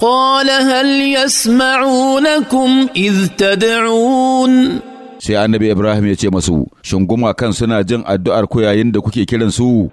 قال هل يسمعونكم إذ تدعون sai annabi Ibrahim ya ce masu shin gumakan suna jin addu'ar ku yayin da kuke kiran su